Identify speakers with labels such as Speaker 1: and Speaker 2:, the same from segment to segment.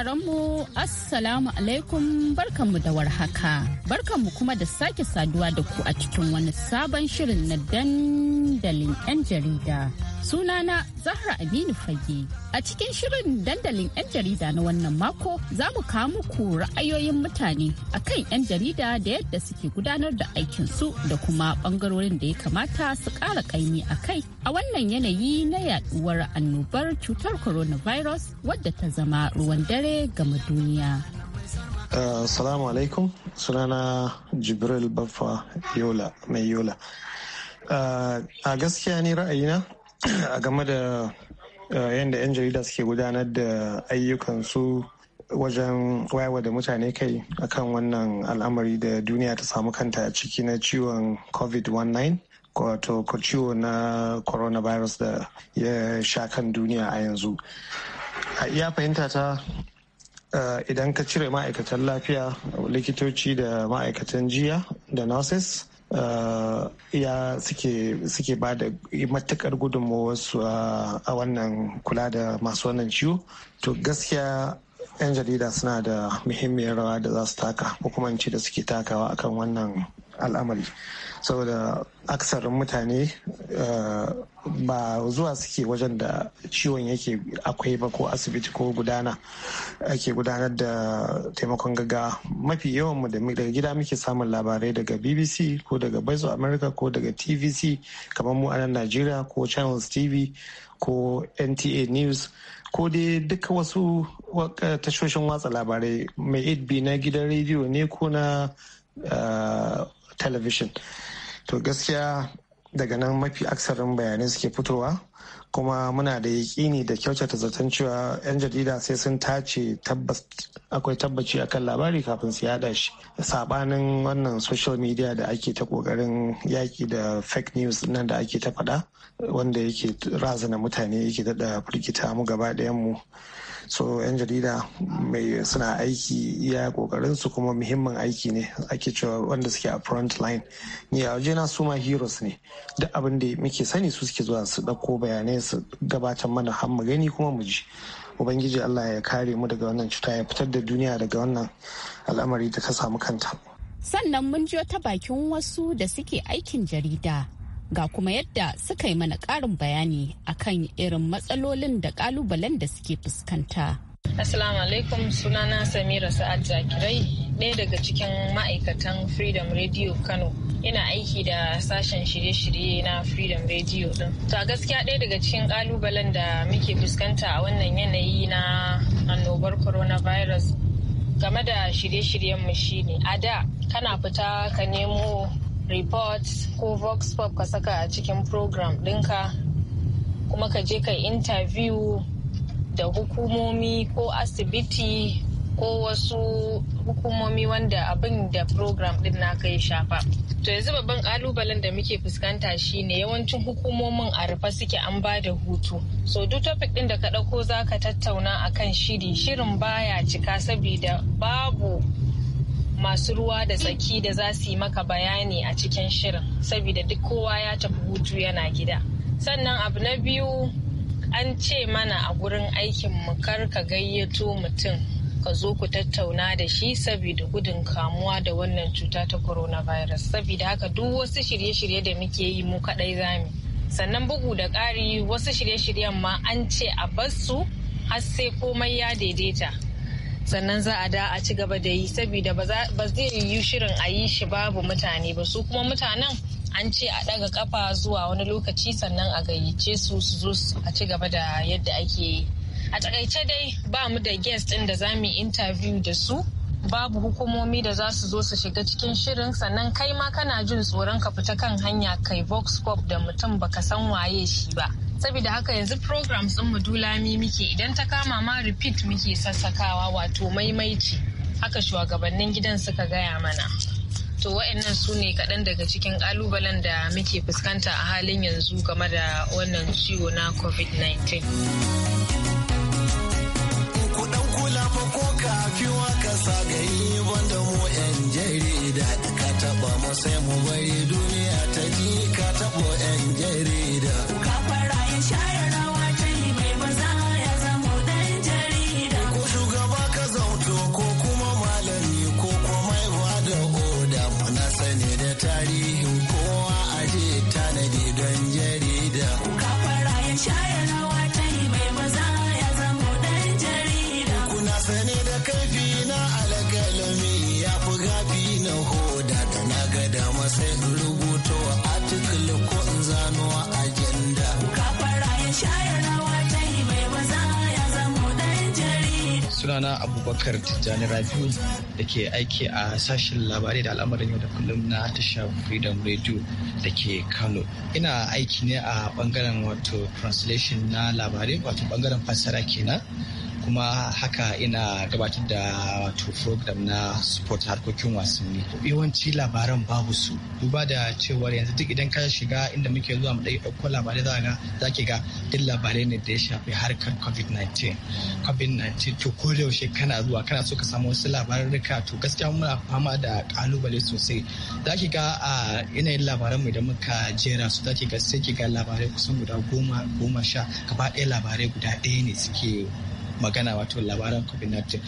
Speaker 1: sauraronmu Assalamu alaikum barkanmu da warhaka. Barkanmu kuma da sake saduwa da ku a cikin wani sabon shirin na dandalin 'yan jarida. Sunana Zahra Aminu Fage. A cikin shirin dandalin 'yan jarida na wannan mako za mu kawo muku ra'ayoyin mutane akan 'yan jarida da yadda suke gudanar da aikinsu da kuma bangarorin da ya kamata su kara kaimi a kai a wannan yanayi na yaduwar annobar cutar coronavirus wadda ta zama ruwan dare gama duniya.
Speaker 2: Assalamu uh, alaikum sunana Jibril Baffa Yola mai Yola. Uh, a gaskiya ne ra'ayina a game da eh, yadda 'yan jarida suke gudanar da ayyukansu wajen wayewa da mutane kai akan wannan al'amari da duniya ta samu kanta a ciki na ciwon covid-19 wato ciwo na coronavirus da ya sha kan duniya a yanzu a iya fahimta ta eh, idan ka cire ma'aikatan lafiya likitoci da ma'aikatan jiya da nurses Eh, ya suke ba da matukar gudunmawarsu a wannan kula da masu wannan ciwo to gaskiya 'yan jarida suna da muhimmiyar rawa da za su taka ko da suke takawa akan wannan al'amari saboda aksar mutane eh, ba zuwa suke wajen da ciwon yake akwai ba ko asibiti ko gudana ake gudanar da taimakon gaggawa mafi yawanmu daga gida muke samun labarai daga bbc ko daga voice of america ko daga tvc kamar mu a nan najeriya ko channels tv ko nta news ko dai duka wasu eh, tashoshin watsa labarai mai 8b na gidan rediyo ne ko na eh, television to gaskiya daga nan mafi aksarin bayanai suke fitowa kuma muna da yaƙini da kyautata zaton cewa 'yan jarida sai sun tace tabbas akwai tabbaci akan labari kafin su yada shi saɓanin wannan social media da ake ta kokarin yaƙi da fake news nan da ake ta faɗa wanda yake razana mutane yake daɗa firgita mu gaba ɗayan mu so yan jarida mai suna aiki iya kokarin su kuma muhimmin aiki ne ake cewa wanda suke a front line ni a waje na suma heroes ne duk abin da muke sani su suke zuwa su dauko bayanai su gabatar mana har mu gani kuma mu ji ubangiji allah ya kare mu daga wannan cuta ya fitar da duniya daga wannan al'amari da ka samu kanta
Speaker 1: sannan mun jiyo ta bakin wasu da suke aikin jarida ga kuma yadda suka yi mana ƙarin bayani a kan irin matsalolin da ƙalubalen da suke fuskanta.
Speaker 3: Assalamu alaikum sunana Samira Sa'ad Zakirai ɗaya daga cikin ma'aikatan Freedom Radio Kano. Ina aiki da sashen shirye-shirye na Freedom Radio ɗin. To a gaskiya ɗaya daga cikin ƙalubalen da muke fuskanta a wannan yanayi na annobar coronavirus game da shirye shiryen mu shine a da kana fita ka nemo report ko vox pop ka saka a cikin program ɗinka kuma ka je ka interview da hukumomi ko asibiti ko wasu hukumomi wanda abin da program din na kai shafa. To yanzu babban kalubalen da muke fuskanta shine yawancin hukumomin a rufe suke an ba da hutu. So duk topic ɗin da ka ɗauko za ka tattauna akan shiri, shirin baya cika saboda babu masu ruwa da tsaki da za su yi maka bayani a cikin shirin saboda duk kowa ya tafi hutu yana gida sannan abu na biyu an ce mana a gurin aikin mu kar ka gayyato mutum ka zo ku tattauna da shi saboda gudun kamuwa da wannan cuta ta coronavirus saboda haka duk wasu shirye-shirye da muke yi mu kadai zami sannan bugu da ƙari wasu shirye-shiryen ma an ce a bar su har sai komai ya daidaita sannan za a da a ci gaba da yi saboda ba zai yi shirin a yi shi babu mutane ba su kuma mutanen an ce a daga kafa zuwa wani lokaci sannan a gayyace su su zo a ci gaba da yadda ake yi a takaice dai ba mu da guest din da za mu interview da su babu hukumomi da za su zo su shiga cikin shirin sannan kai ma kana jin tsoron ka fita kan hanya kai vox pop da mutum baka san waye shi ba saboda haka yanzu programs ɗin mu dulami muke idan ta kama ma repeat muke sassakawa wato maimaici haka shugabannin gidan suka gaya mana to wa'annan su ne kaɗan daga cikin ƙalubalen da muke fuskanta a halin yanzu game da wannan ciwo na covid-19
Speaker 4: abubakar tijjani rabiu da ke aiki a sashen labarai da al'amarin yau da kullum na tashar freedom radio da ke kano ina aiki ne a bangaren wato translation na labarai wato bangaren fassara kenan kuma haka ina gabatar da wato program na sport harkokin wasanni yawanci labaran babu su duba da cewar yanzu duk idan ka shiga inda muke zuwa mu ɗauko labarai za ga za ki ga duk labarai ne da ya shafi harkar covid-19 covid-19 to ko da yaushe kana zuwa kana so ka samu wasu labarurruka to gaskiya muna fama da kalubale sosai za ki ga a yanayin labaran mu da muka jera su za ki ga sai ki ga labarai kusan guda goma goma sha gaba ɗaya labarai guda ɗaya ne suke magana wato labaran covid-19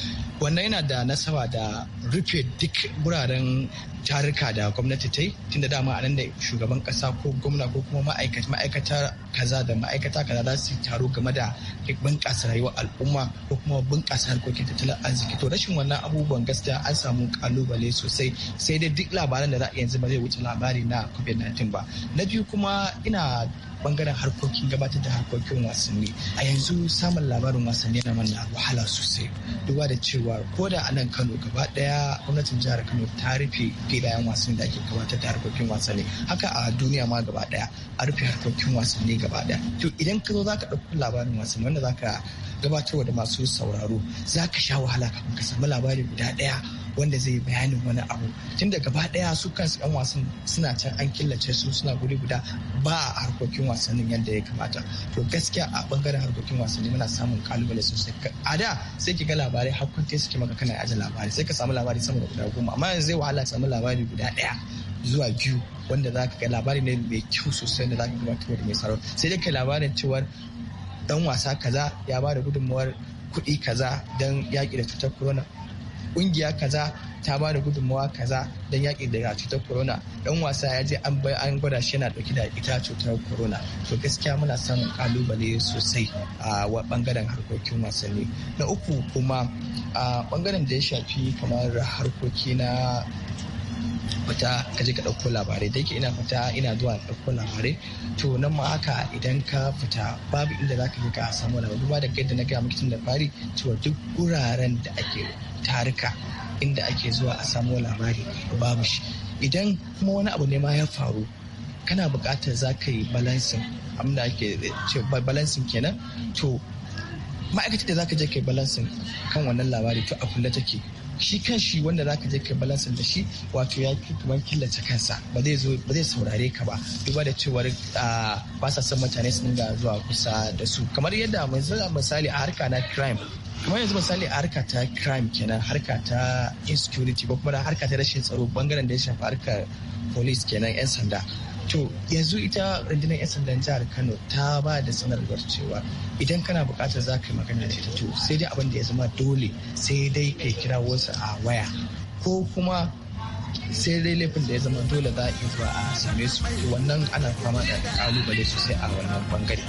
Speaker 4: wannan yana da nasaba da rufe duk wuraren tarika da gwamnati ta yi tunda dama anan da shugaban kasa ko gwamna ko kuma ma'aikata kaza da ma'aikata kaza za su taro game da bunƙasa rayuwar al'umma ko kuma bunƙasa harkokin tattalin arziki to rashin wannan abubuwan gaskiya an samu kalubale sosai sai dai duk labaran da za a yanzu ba zai wuce labari na covid-19 ba na biyu kuma ina bangaren harkokin gabatar da harkokin wasanni a yanzu samun labarin wasanni na mana wahala sosai duba da cewa ko da anan kano gaba daya gwamnatin jihar kano ta rufe gidayen wasanni da ake gabatar da harkokin wasanni haka a duniya ma gaba daya a rufe harkokin wasanni gaba daya to idan ka zo zaka ɗauki labarin wasanni wanda zaka gabatarwa da masu sauraro zaka sha wahala kafin ka samu labari guda daya wanda zai bayanin wani abu tun da gaba daya su kansu yan wasan suna can an killace su suna guri guda ba a harkokin wasannin yadda ya kamata to gaskiya a bangaren harkokin wasanni muna samun kalubale sosai a da sai ki ga labarai su suke maka kana yaji labari sai ka samu labari sama da guda goma amma yanzu zai wahala samu labari guda daya zuwa biyu wanda za ka ga labari ne mai kyau sosai da za ka gabatar da mai tsaro sai dai ka labarin cewar dan wasa kaza ya ba da gudunmawar kuɗi kaza don yaƙi da cutar corona kungiya kaza ta ba da gudunmawa kaza don yaƙi da cutar corona dan wasa ya je an bai an gwada shi yana dauki da ita cutar corona to gaskiya muna son kalubale sosai a bangaren harkokin wasanni na uku kuma a bangaren da ya shafi kamar harkoki na fita ka ka ɗauko labarai da ke ina fita ina zuwa ɗauko labarai to nan ma haka idan ka fita babu inda za ka je ka samu labarai duba da gaida na gaya miki da fari cewa duk wuraren da ake Taruka inda ake zuwa a samo labari babu shi idan kuma wani abu ne ma ya faru kana buƙatar za ka yi balansin abinda ake ce balansin kenan to ma'aikata da za ka je ka yi balansin kan wannan labari to a kulle take shi kan shi wanda za ka je ka yi balansin da shi wato ya fi kuma killace kansa ba zai zo saurare ka ba duba da cewar ba sa son mutane su dinga zuwa kusa da su kamar yadda misali a harka na crime kamar yanzu misali a harka ta crime kenan harka ta insecurity ko kuma harka ta rashin tsaro bangaren da ya shafi harkar police kenan 'yan sanda to yanzu ita rundunar 'yan sandan jihar kano ta ba da sanarwar cewa idan kana bukatar za ka yi magana da ita to sai dai abin da ya zama dole sai dai kai kira wasu a waya ko kuma sai dai laifin da ya zama dole za a zuwa a same su wannan ana fama da kalubale sosai a wannan bangare.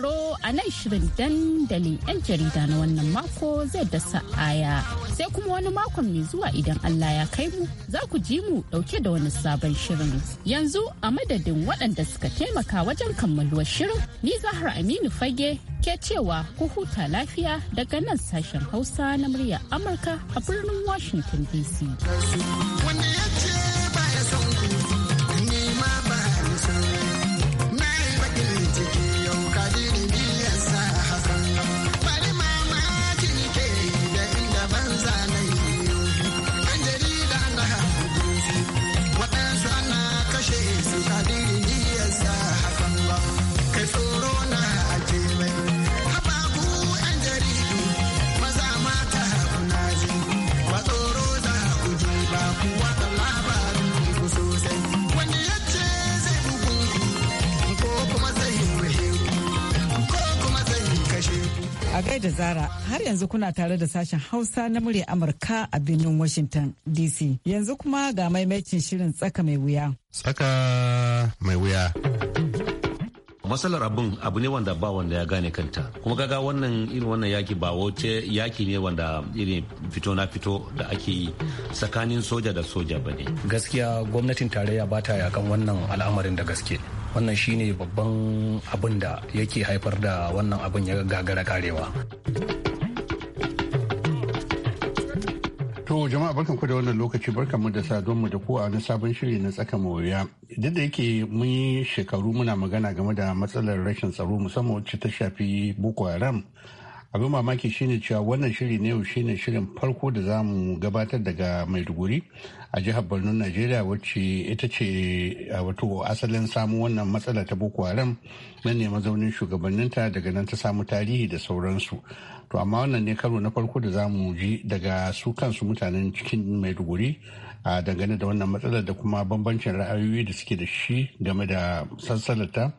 Speaker 1: sauraro a nan shirin dandalin 'yan jarida na wannan mako zai dasa aya Sai kuma wani makon mai zuwa idan Allah ya kai mu za ku ji mu dauke da wani sabon shirin. Yanzu a madadin waɗanda suka taimaka wajen kammaluwa shirin ni zahar Aminu Fage ke cewa ku huta lafiya daga nan sashen Hausa na murya Amurka a birnin Washington DC.
Speaker 5: A gaida Zara har yanzu kuna tare da sashen Hausa na murya Amurka a birnin Washington DC. Yanzu kuma ga maimakin shirin tsaka mai
Speaker 6: wuya.
Speaker 7: Tsaka mai wuya. matsalar abin abu ne wanda ba wanda ya gane kanta kuma gaga wannan irin wannan yaki ba wace yaki ne wanda irin fito na fito da ake yi tsakanin soja da soja ba ne
Speaker 8: gaskiya gwamnatin tarayya ba ta yakan wannan al'amarin da gaske wannan shine babban abin da yake haifar da wannan abin ya gagara karewa
Speaker 6: To jama'a barkan ku da wannan lokaci barkan mu da mu da ko a wani sabon shiri na tsaka mawuya. Duk da yake mun yi shekaru muna magana game da matsalar rashin tsaro musamman wacce ta shafi Boko Haram. Abin mamaki shine cewa wannan shiri ne shine shirin farko da za mu gabatar daga Maiduguri a jihar borno najeriya wacce ita ce a wato asalin samu wannan matsala ta boko haram nan ne mazaunin shugabanninta daga nan ta samu tarihi da sauransu to amma wannan ne karo na farko da mu ji daga su kansu mutanen cikin maiduguri a dangane da wannan matsalar da kuma bambancin ra'ayoyi da suke da shi game da sassalata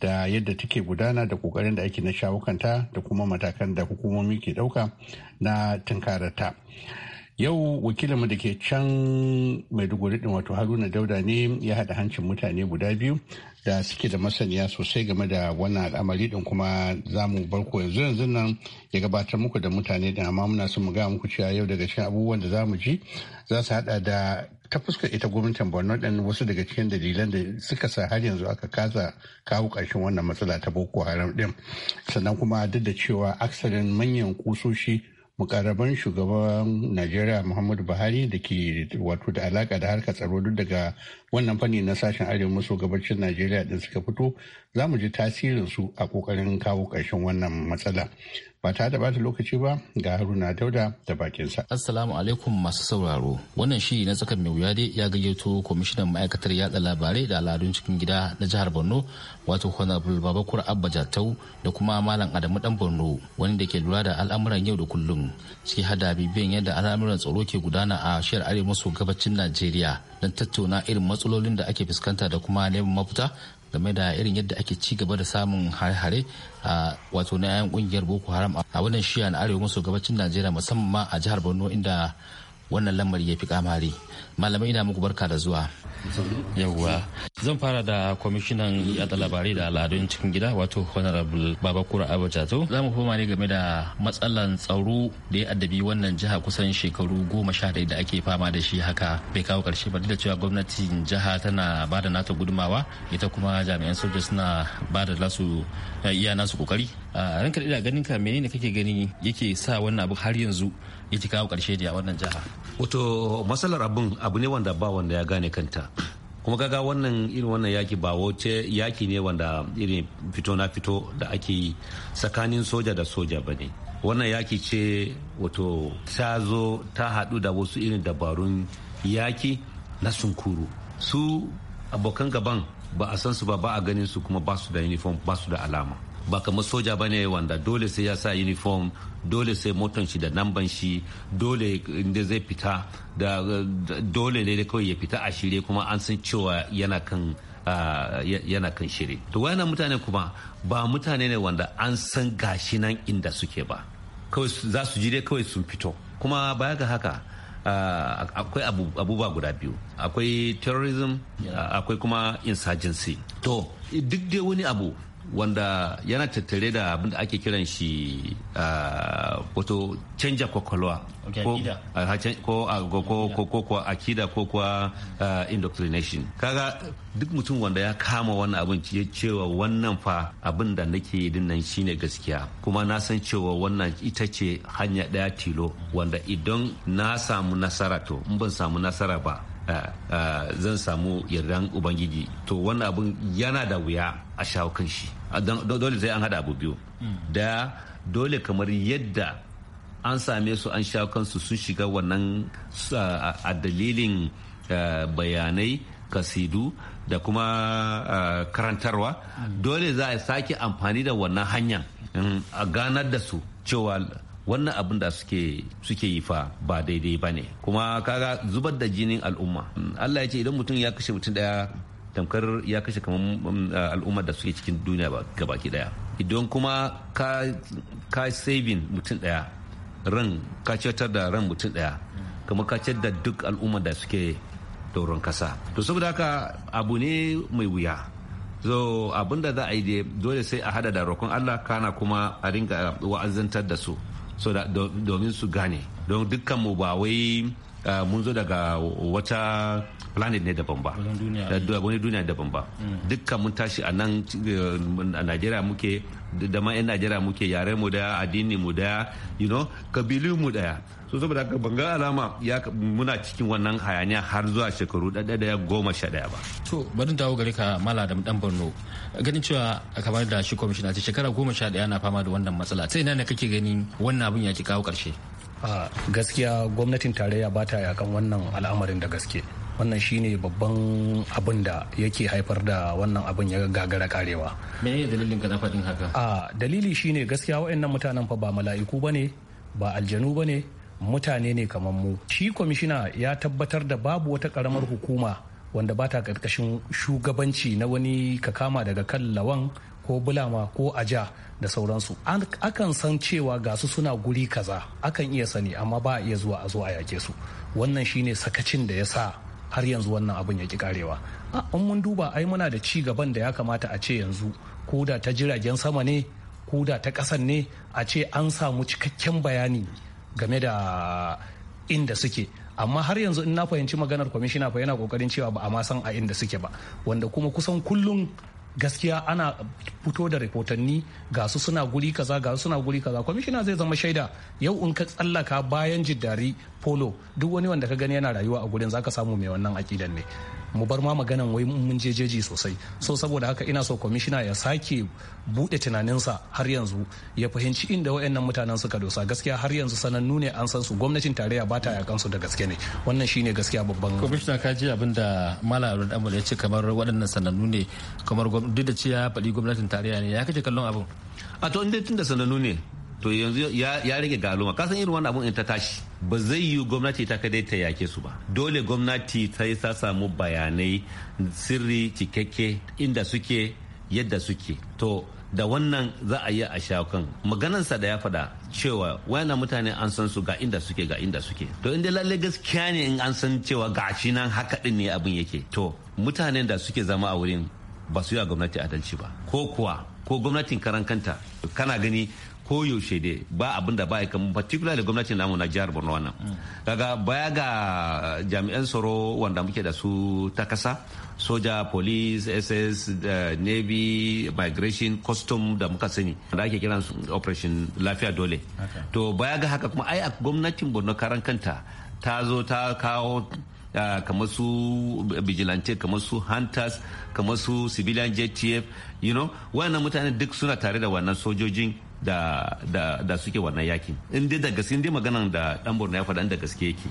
Speaker 6: da yadda take gudana da kokarin da ake na shawukanta da kuma matakan da hukumomi ke dauka na tunkararta. yau wakilinmu da ke can maiduguri din wato haruna dauda ne ya haɗa hancin mutane guda biyu da suke da masaniya sosai game da wannan al'amari din kuma za mu barko yanzu yanzu nan ya gabatar muku da mutane din amma muna son mu ga muku cewa yau daga cikin abubuwan da za mu ji za su haɗa da ta fuskar ita gwamnatin borno din wasu daga cikin dalilan da suka sa har yanzu aka kasa kawo ƙarshen wannan matsala ta boko haram ɗin. sannan kuma duk da cewa aksarin manyan kusoshi mukarraban shugaban najeriya muhammadu buhari da ke wato da alaka da harkar tsaro duk daga wannan fanni na sashen arewa maso gabacin najeriya din suka fito za mu ji tasirinsu a kokarin kawo ƙarshen wannan matsala ba ta da bata lokaci ba ga haruna dauda da bakinsa.
Speaker 9: assalamu alaikum masu sauraro wannan shi na tsakan mai wuya dai ya gayyato kwamishinan ma'aikatar yatsa labarai da al'adun cikin gida na jihar borno wato honorable babakur abba jatau da kuma malam adamu dan borno wani da ke lura da al'amuran yau da kullum ciki hada bibiyan yadda al'amuran tsaro ke gudana a shiyar arewa maso gabacin najeriya don tattauna irin matsalolin da ake fuskanta da kuma neman mafita game da irin yadda ake ci gaba da samun hare-hare a wato na 'yan kungiyar boko haram a wannan shiya na arewa maso gabacin najeriya musamman a jihar borno inda wannan lamari ya fi kamari malamai ina muku barka da zuwa yauwa zan fara da kwamishinan yada labarai da al'adun cikin gida wato honorable babakura abujato za mu fama ne game da matsalan tsaro da ya addabi wannan jiha kusan shekaru goma sha ɗaya da ake fama da shi haka bai kawo ƙarshe ba duk da cewa gwamnatin jiha tana ba da nata gudumawa ita kuma jami'an soja suna ba da nasu eh, iya nasu kokari ah, a ranka da ganin ka menene kake gani yake sa wannan abu har yanzu yake kawo
Speaker 7: ƙarshe da wannan jiha wato matsalar abin abu ne wanda ba wanda ya gane kanta kuma kaga wannan irin wannan yaki ba wace yaki ne wanda irin fito na fito da ake yi tsakanin soja da soja ba ne wannan yaki ce wato ta zo ta haɗu da wasu irin dabarun yaki na sunkuru su abokan gaban ba a san su ba ba a ganin su kuma ba su da uniform ba su da alama ba kamar soja ba ne wanda dole sai ya sa uniform dole sai motan shi da namban shi dole inda zai fita da dole ne kawai ya fita a shirye kuma an san cewa yana kan yana kan shiri to wayannan mutane kuma ba mutane ne wanda an san gashi nan inda suke ba kawai za su ji dai kawai sun fito kuma baya ga haka akwai abubuwa guda biyu akwai terrorism akwai kuma insurgency to duk dai wani abu wanda yana tattare da abin da ake kiran shi wato canja kwakwalwa ko ko akida ko kuwa indoctrination kaga duk mutum wanda ya kama wannan abin ya cewa wannan fa abin da nake yi dinnan shine gaskiya kuma na san cewa wannan ita ce hanya daya tilo wanda idan na samu nasara to in ban samu nasara ba zan samu yardan ubangiji to wannan abin yana da wuya a shawo kan shi dole sai an hada abu biyu da dole kamar yadda an same su an sha kansu sun shiga wannan a dalilin eh, bayanai kasidu da kuma eh, karantarwa dole za a sake amfani da wannan hanyar a ganar da su cewa wannan abin da suke yi fa ba daidai ba ne kuma kaga zubar da jinin al'umma allah ya ce idan mutum ya kashe mutum daya tamkar ya kashe kamar um, uh, al'ummar da suke cikin duniya gabaki daya idan kuma ka saving mutum daya ran ka cetar da ran mutum daya kuma ka cetar da duk al'ummar da suke doron kasa to saboda haka abu ne mai wuya so abinda za a yi dole sai a hada da rokon allah kana kuma a ringa uh, wa'azantar da su domin su gane don dukkanmu ba wai uh, mun zo daga wata planet ne daban ba wani duniya daban ba hmm. dukkan mun tashi a nan a eh, najeriya muke da ma najeriya muke yare mu daya addini mu daya you know kabilu mu daya so saboda haka banga alama ya muna cikin wannan hayaniya har zuwa shekaru ɗaya goma sha ɗaya ba.
Speaker 9: to bari dawo gare ka mala da dan borno ganin cewa kamar da shi kwamishina ce shekara goma sha ɗaya na fama da wannan matsala sai ina ne kake ganin wannan abin ya ci kawo ƙarshe.
Speaker 8: gaskiya gwamnatin tarayya ba ta yakan wannan al'amarin da gaske wannan shine babban abin da yake haifar da wannan abin ya gagara karewa
Speaker 9: Me ne dalilin ka faɗin haka
Speaker 8: a dalili shine gaskiya waɗannan mutanen fa ba mala'iku bane ba aljanu bane mutane ne kamar mu shi kwamishina ya tabbatar da babu wata karamar hukuma wanda ba ta karkashin shugabanci na wani ka kama daga kan lawan ko bulama ko aja da sauransu akan san cewa ga su suna guri kaza akan iya sani amma ba a iya zuwa a zo a yake su wannan shine sakacin da ya sa har yanzu wannan abin ya ki karewa an mun duba ai muna da ci gaban da ya kamata a ce yanzu ko da ta jiragen sama ne ko da ta kasan ne a ce an samu cikakken bayani game da inda suke amma har yanzu in na fahimci maganar kwamishina fa yana kokarin cewa ba a ma san a inda suke ba wanda kuma kusan kullum gaskiya ana fito da rahotanni ga su suna guri kaza ga su suna guri kaza kwamishina zai zama shaida yau in ka tsallaka bayan jiddari polo duk wani wanda ka gani yana rayuwa a gurin zaka samu mai wannan akidan ne mu bar ma maganan wai mun je jeji sosai so saboda haka ina so kwamishina ya sake bude tunaninsa har yanzu ya fahimci inda wayannan mutanen suka dosa gaskiya har yanzu sanannu ne an san su gwamnatin tarayya ba ta yakan su da gaske ne wannan shine gaskiya babban kwamishina ka ji abin da malam ya
Speaker 9: ce kamar waɗannan sanannu ne kamar duk da cewa ya faɗi gwamnatin tarayya ne ya kace kallon abin
Speaker 7: a to inda tun da sanannu ne to yanzu ya rage galuma ka san irin wannan abun in ta tashi ba zai yi gwamnati ta kadai ta yake su ba dole gwamnati ta yi ta samu bayanai sirri cikakke inda suke yadda suke to da wannan za a yi a shakan maganansa da ya faɗa cewa wayana mutane an san su ga inda suke ga inda suke to inda lalle gaskiya ne in an san cewa Ga shi nan haka din ne abin yake to mutanen da suke zama a wurin ba su yi wa gwamnati adalci ba ko kuwa ko gwamnatin karan kanta kana gani ko yaushe dai ba abin da ba kamar particularly gwamnatin namu na jihar borno wannan daga baya ga jami'an tsaro wanda muke da su ta kasa soja police ss navy migration custom da muka sani da ake kiran su operation lafiya dole to baya ga haka kuma ai a gwamnatin borno karan kanta ta zo ta kawo Ah, kamar su vigilante kamar su hunters kamar su civilian jtf you know wannan mutane duk suna tare da wannan sojojin da, suke wannan yakin inda da gaske dai maganan da dan borno ya faɗa da gaske yake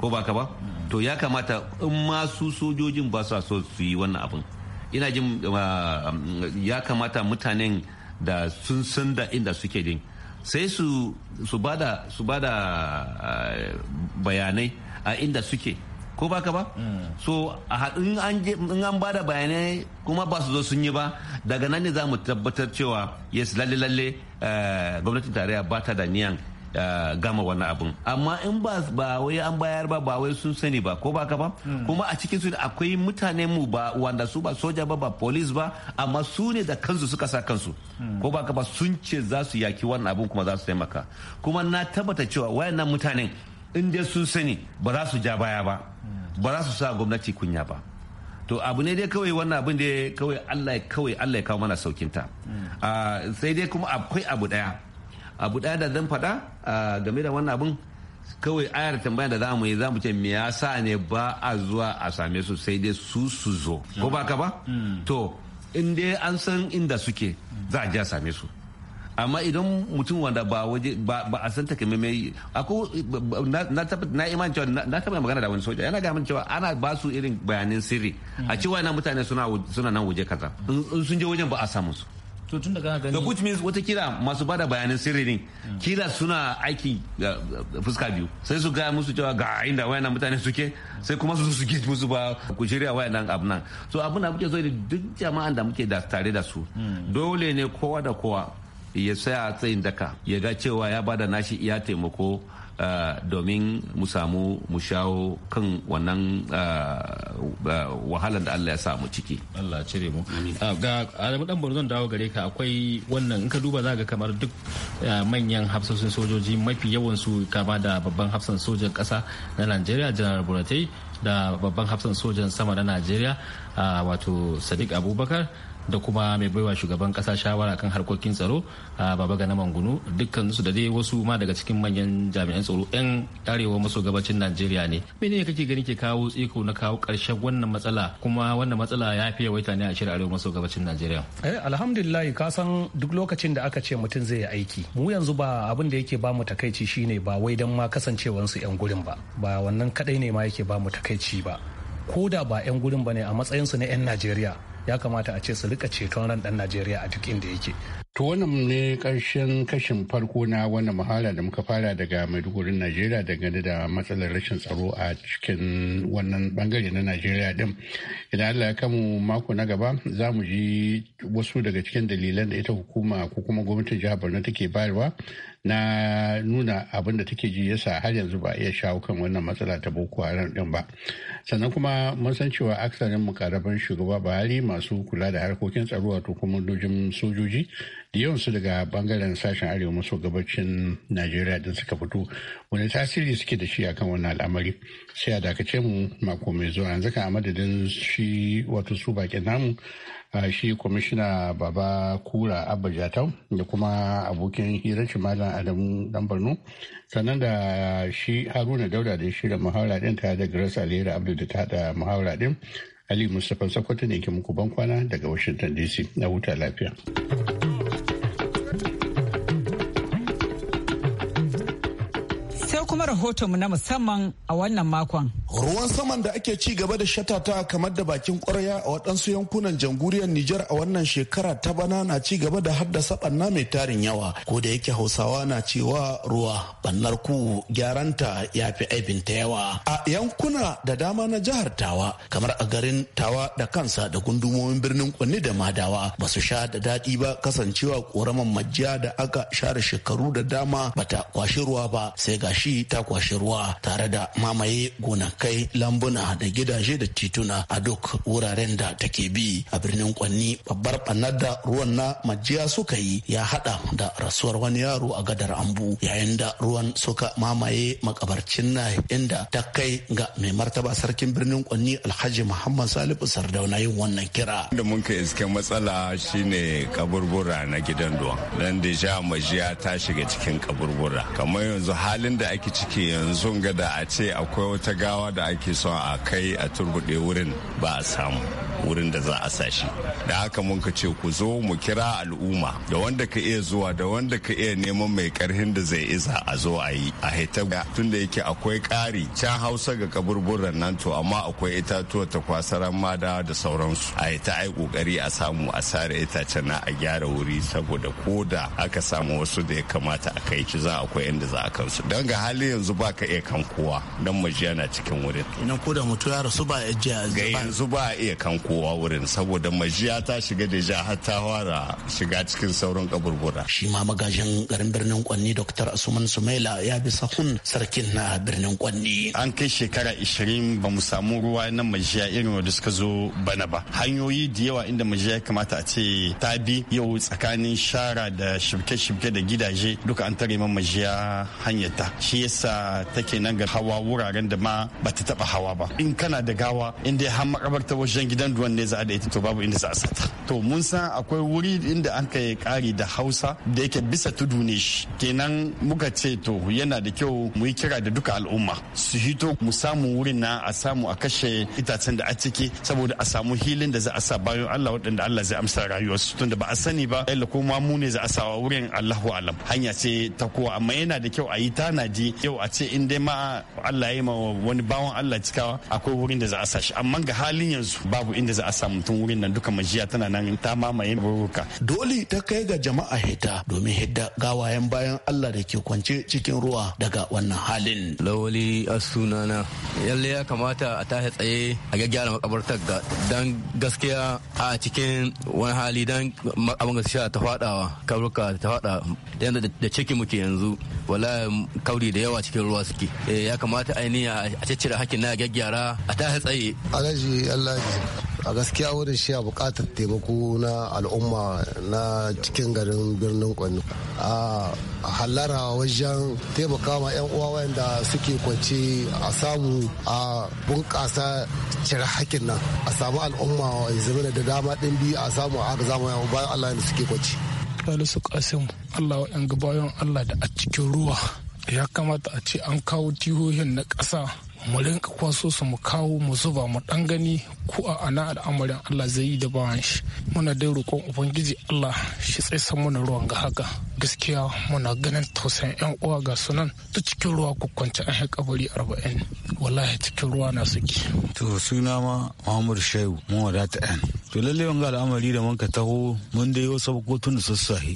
Speaker 7: ko ba ka ba to ya kamata in ma su sojojin ba su so su yi wannan abin ina jin ah, ya kamata mutanen da sun san da inda suke din sai su su bada su bada ah, bayanai a inda suke ko baka ba so in an ba da bayanai kuma ba su zo sun yi ba daga nan ne za mu tabbatar cewa yes lalle lalle eh, gwamnatin tarayya ba ta da niyan eh, gama wannan abin amma in ba ba wai an bayar ba ba wai sun sani ba ko ba ba hmm. kuma a cikin su akwai mutane mu ba wanda su ba soja ba ba police ba amma su ne da kansu suka sa kansu hmm. ko ba ba sun ce za su yaki wannan abin kuma za su taimaka kuma na tabbata cewa wayannan mutanen in dai sun sani ba za su ja baya ba ba za su sa gwamnati kunya ba to abu ne dai kawai wannan abin da kawai Allah kawai Allah ya kawo mana saukinta hmm. ah, sai dai kuma akwai abu daya abu daya da zan faɗa ah, game da wannan abin kawai ayar tambaya da zamu yi zamu ce me yasa ne ba a zuwa a same su sai dai su su zo ko ba ka ba hmm. to in dai an san inda suke za a je a same su amma idan mutum wanda ba waje ba a san mai ako na iman cewa na taba magana da wani soja yana ga min cewa ana ba su irin bayanin sirri a cewa na mutane suna nan waje kaza in sun je wajen ba a samu su
Speaker 9: to tun daga gani
Speaker 7: which means wata kila masu bada bayanin sirri ne kila suna aiki fuska biyu sai su ga musu cewa ga inda wayan mutane suke sai kuma su suke musu ba ku shirya wayan abu nan so abin da muke so duk jama'an da muke da tare da su dole ne kowa da kowa ya a tsayin daka ya ga cewa ya bada nashi iya taimako Uh, domin mu samu mu shawo kan wannan uh, eh, uh, eh, wahalar da Allah ya samu ciki. Allah cire mu. Ah, ga Adamu dan zan dawo gare ka akwai wannan in ka
Speaker 9: duba za ga kamar duk manyan hafsoshin sojoji mafi yawan su kama da babban hafsan sojan ƙasa na Najeriya General Buratai da babban hafsan sojan sama na Najeriya ah, wato Sadiq Abubakar da kuma mai baiwa shugaban kasa shawara kan harkokin tsaro a baba gana mangunu dukkan su da dai wasu ma daga cikin manyan jami'an tsaro yan arewa maso gabacin najeriya ne mene ne kake gani ke kawo tsiko na kawo karshen wannan matsala kuma wannan matsala ya fi yawaita ne a shirin arewa maso gabacin najeriya
Speaker 8: eh alhamdulillah ka san duk lokacin da aka ce mutum zai yi aiki mu yanzu ba abin da yake ba mu takaici shine ba wai dan ma kasancewansu yan gurin ba ba wannan kadai ne ma yake ba mu takaici ba ko da ba 'yan gurin ba ne a matsayin su na 'yan najeriya ya kamata a ce su rika ceton ran dan najeriya a duk inda yake to wannan
Speaker 6: ne karshen kashin farko na wannan muhala da muka fara daga maiduguri najeriya dangane da matsalar rashin tsaro a cikin wannan bangare na najeriya din idan allah ya kamu mako na gaba za mu ji wasu daga cikin dalilan da ita hukuma ko kuma gwamnatin jihar borno take bayarwa na nuna abin da take ji yasa har yanzu ba iya shawo kan wannan matsala ta boko haram din ba sannan kuma mun san cewa aksarin mukarraban shugaba bahari masu kula da harkokin tsaro wato kwamandojin sojoji da yawan su daga bangaren sashen arewa maso gabacin najeriya din suka fito wani tasiri suke da shi akan wannan al'amari sai a dakace mu mako mai zuwa yanzu kan a madadin shi wato su bakin namu shi kwamishina baba kura abba jatau da kuma abokin hirarci malam adamu dan borno sannan da shi haruna dauda da shi da muhawara din ta da grace alheri abdu da ta da muhawara din ali mustapha sakwato ne ke muku bankwana daga washington dc na huta lafiya.
Speaker 5: kuma mu na musamman a wannan makon.
Speaker 10: Ruwan saman da ake ci gaba da shatata kamar da bakin kwarya a waɗansu yankunan jamhuriyar Nijar a wannan shekara ta bana na ci gaba da haddasa ɓanna mai tarin yawa. Ko da yake Hausawa na cewa ruwa bannar ku gyaranta ya fi aibin ta yawa. A yankuna da dama na jihar Tawa kamar a garin Tawa da kansa da gundumomin birnin Kwanni da Madawa ba su sha da daɗi ba kasancewa ƙoramar majiya da aka share shekaru da dama bata kwashi ruwa ba sai gashi ta kwashe ruwa tare da mamaye gonakai lambuna da gidaje da tituna a duk wuraren da take bi a birnin kwanni babbar ɓannar da ruwan na majiya suka yi ya hada da rasuwar wani yaro a gadar ambu yayin da ruwan suka mamaye makabarcin na inda ta kai ga mai martaba sarkin birnin kwanni alhaji muhammad salihu sardauna yin wannan
Speaker 11: kira da mun ka iske matsala shine kaburbura na gidan ruwan dan da sha majiya ta shiga cikin kaburbura kamar yanzu halin da ake ciki yanzu ga da a ce akwai wata gawa da ake son a kai a turbuɗe wurin ba a samu wurin da za a sashi da haka mun ka ce ku zo mu kira al'umma da wanda ka iya zuwa da wanda ka iya neman mai karhin da zai iza a zo a yi a haita tun da yake akwai ƙari can hausa ga kaburburan nan to amma akwai itatuwa ta kwasaran mada da sauransu a haita ai kokari a samu a sare itacen na a gyara wuri saboda ko da aka samu wasu da ya kamata a kai ki za akwai inda za a kansu don ga hali hali yanzu ba ka iya kan kowa don majiya na cikin wurin idan ko da mutu ya rasu ba ya ga yanzu ba a iya kan kowa wurin saboda majiya ta shiga da ja har ta fara shiga cikin sauran kaburbura
Speaker 10: shi ma magajin garin birnin kwanni dr asuman sumaila ya bi sahun sarkin na birnin
Speaker 11: kwanni an kai shekara 20 ba mu samu ruwa na majiya irin wanda suka zo bana ba hanyoyi da yawa inda majiya kamata a ce ta bi yau tsakanin shara da shibke-shibke da gidaje duka an tare man majiya hanyar ta shi yasa take nan ga hawa wuraren da ma ta taba hawa ba in kana da gawa in dai har ta wajen gidan duwan ne za a da ita to babu inda za a sata to mun san akwai wuri inda an kai kari da hausa da yake bisa tudu ne shi kenan muka ce to yana da kyau mu yi kira da duka al'umma su hito mu samu wurin na a samu a kashe itacen da a ciki saboda a samu hilin da za a sa bayan Allah waɗanda Allah zai amsa rayuwarsu tunda ba a sani ba yalla ko ma mu ne za a sawa wurin Allahu alam hanya ce ta kowa amma yana da kyau a yi tanaji yau a ce in dai ma Allah ya yi ma wani bawan Allah cikawa akwai wurin da za a sashi amma ga halin yanzu babu inda za a samu mutum wurin nan duka majiya tana nan ta mamaye burbuka dole ta kai ga jama'a hidda
Speaker 10: domin hidda gawayen bayan Allah da ke kwance cikin ruwa daga wannan halin lawali
Speaker 7: a sunana yalle ya kamata a tashi tsaye a gaggyara makabartar ga dan gaskiya a cikin wani hali dan abin gaskiya ta fadawa kabruka ta fada da ciki muke yanzu wallahi kauri da yawa yawa cikin ruwa suke eh, ya kamata ainihin a ciccire hakkin na gyaggyara a ta tsaye
Speaker 10: alhaji allah a gaskiya wurin shi a bukatar taimako na al'umma na cikin garin birnin kwani a hallara wajen taimaka ma 'yan uwa wanda suke kwanci a samu a bunƙasa cire hakin nan a samu al'umma zama da dama ɗin biyu a samu a zama bayan allah da suke kwanci salisu kasim
Speaker 9: allah waɗanda bayan allah da a cikin ruwa ya kamata a ce an kawo tihohin na ƙasa mu rinka kwaso su mu kawo mu zuba mu dan gani ko a ana al'amarin Allah zai yi da bawan shi muna dai roƙon ubangiji Allah shi san muna ruwan ga haka gaskiya muna ganin tausayin yan uwa ga sunan ta cikin ruwa kwanci an kabari
Speaker 8: arba'in wallahi cikin ruwa na suke
Speaker 10: to suna ma Muhammad Shehu mu wadata yan to lalle wanga al'amari da manka taho mun dai wasu kotun da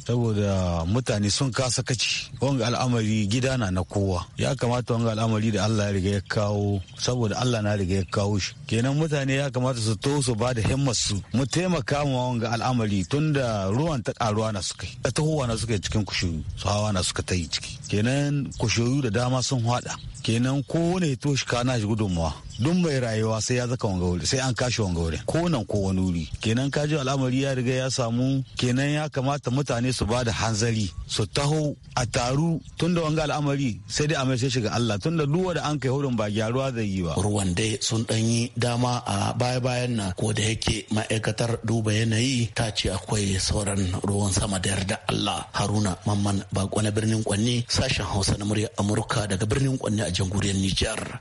Speaker 10: saboda mutane sun kasa kaci wanga al'amari gida na na kowa ya kamata wanga al'amari da Allah ya riga ya kawo kawo saboda Allah na riga ya kawo shi kenan mutane ya kamata su to su ba da himmar su mu taimaka ma wanga al'amari tunda ruwan ta karuwa na suka yi ta tahowa na suka cikin kushiyu su hawa na suka ta yi ciki kenan kushiyu da dama sun hada kenan kowane ya toshi kana shi gudunmuwa don mai rayuwa sai ya zaka wanga wuri sai an kashi wanga wuri ko nan ko wani wuri kenan kaji al'amari ya riga ya samu kenan ya kamata mutane su ba da hanzari su taho a taru tunda wanga al'amari sai dai a mai shiga Allah tunda duwa da an kai hurin ba gyaruwa zai yi ba ruwan dai sun yi dama a baya bayan nan ko da yake ma'aikatar duba yanayi ta ce akwai sauran ruwan sama da yarda Allah Haruna Mamman Bako na birnin Kwanni sashen Hausa na murya Amurka daga birnin Kwanni a jamhuriyar Nijar.